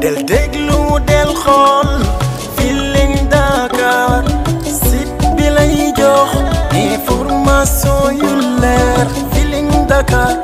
del déglu del xool Feeling bi lay jox information yu leer Feeling Dakar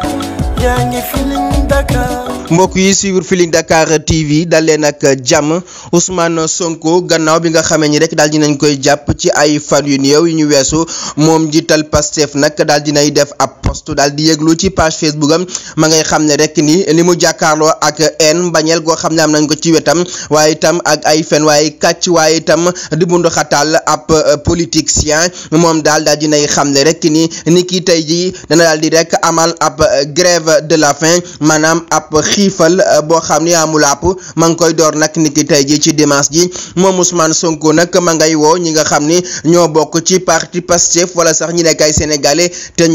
mbokk yi suivre Feeling Dakar TV dalee nag jàmm Ousmane Sonko gannaaw bi nga xamee ni rek daal dinañ koy jàpp ci ay fan yu néew yu ñu weesu moom jiital Pastef nag daal dinay def ab Post daal di yëglu ci page Facebook ma ngay xam ne rek ni li mu jàkkaarloo ak en mbañeel goo xam ne am nañ ko ci wetam waaye itam ak ay fen waaye kàcc waaye itam di bundu xatal ab euh, politicien moom daal daal dinay xam ne rek ni ni ki tey jii dana daal di rek amal ab euh, grève de la faim maanaam ab xiifal euh, boo xam ni amul àpp ma ngi koy door nag ni ki tey jii ci dimanche ji moom Ousmane Sonko nag ma ngay woo ñi nga xam ni ñoo bokk ci parti Pastef wala sax ñu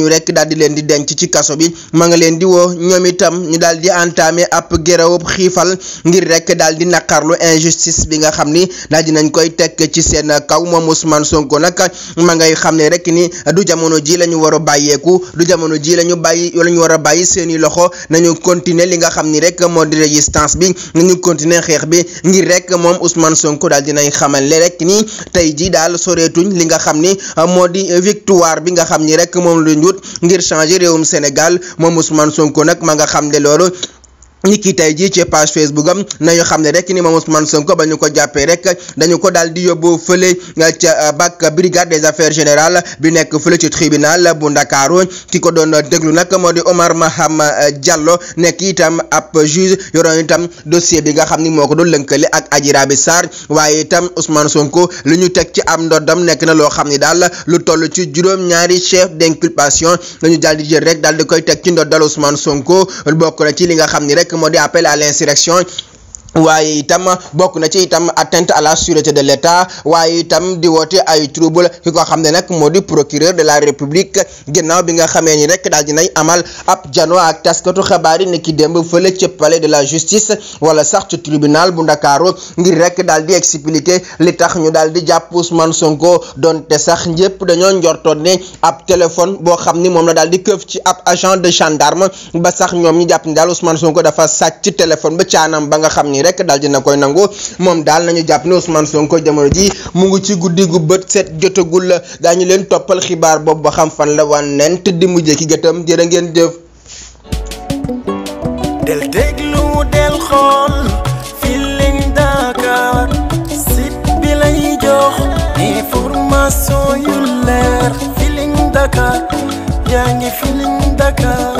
rek daal leen di denc ci kaso bi ma nga leen di woo ñoom itam ñu daal di entamé ab gérawub xiifal ngir rek daal di lu injustice bi nga xam ni daal di nañ koy tekk ci seen kaw moom Ousmane Sonko nag ma ngay xam ne rek ni du jamono ji la ñu war a bàyyeeku du jamono ji la ñu bàyyi la ñu war a bàyyi seeni loxo nañu continuer li nga xam ni rek moo di résistance bi nañu continuer xeex bi ngir rek moom Ousmane sonk dal di xamal le rek ni tey ji daal soreetuñ li nga xam ni moo di victoire bi nga xam ni rek moom luñ wut ngir changer réewum Sénégal moom Ousmane Sonko nag ma nga xam ne loolu ñi kii tey jii ci page facebook am nañu xam ne rek ni moom Ousmane Sonko ba ñu ko jàppee rek dañu ko daal di yóbbu fële euh, ca euh, BAC brigade des affaires générales bi nekk fële ci tribunal bu ndakaaru ki ko doon déglu nag moo di Omar Maham euh, Diallo nekk itam ab juge yoroon itam dossier bi nga xam ni moo ko doon lënkale ak Adji Raby waaye itam Ousmane Sonko lu ñu teg ci am ndoddam nekk na loo xam ni daal lu toll ci juróom-ñaari chef d'inculpation la ñu daal di rek daal di koy teg ci ndoddal Ousmane Sonko bokk na ci li nga xam ni rek njëkk moo di appel l'insurrection waaye itam bokk na ci itam atteinte à la sûreté de l'État waaye itam di woote ay trouble ki ko xam ne nag moo di procureur de la république ginnaaw bi nga xamee ni rek daal dinay amal ab jano ak taskatu xabaar yi ne ki démb fële ca palais de la justice wala sax ci tribunal bu ndakaaru ngir rek daal di expliquer li tax ñu daal di jàpp Ousmane Sonko donte sax ñëpp dañoo njortoon ne ab téléphone boo xam ni moom la daal di këf ci ab agent de gendarme ba sax ñoom ñi jàpp ni daal Ousmane Sonko dafa sàcc téléphone ba caanam ba nga xam ni nii rek daal dina koy nangu moom daal nañu jàpp ne Ousmane Sonko jamono ji mu ngi ci guddi gu bët set jotagul la daañu leen toppal xibaar boobu ba xam fan la wan nen tëdd mujjee ki gëtam jërë ngeen jëf. del déglu del xool Feeling Dakar site bi lay jox information yu leer Feeling Dakar yaa ngi Feeling Dakar.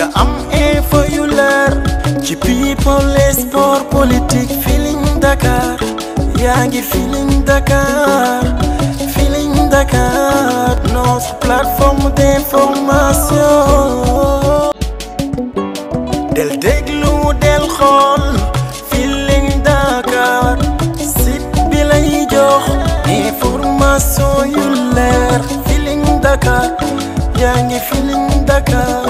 dinga am info yu leer ci people et sport politique Feeling Dakar yaa ngi Feeling Dakar Feeling Dakar notre plateforme d'information. del déglu del xool Feeling Dakar site bi lay jox information yu leer Feeling Dakar yaa ngi Dakar.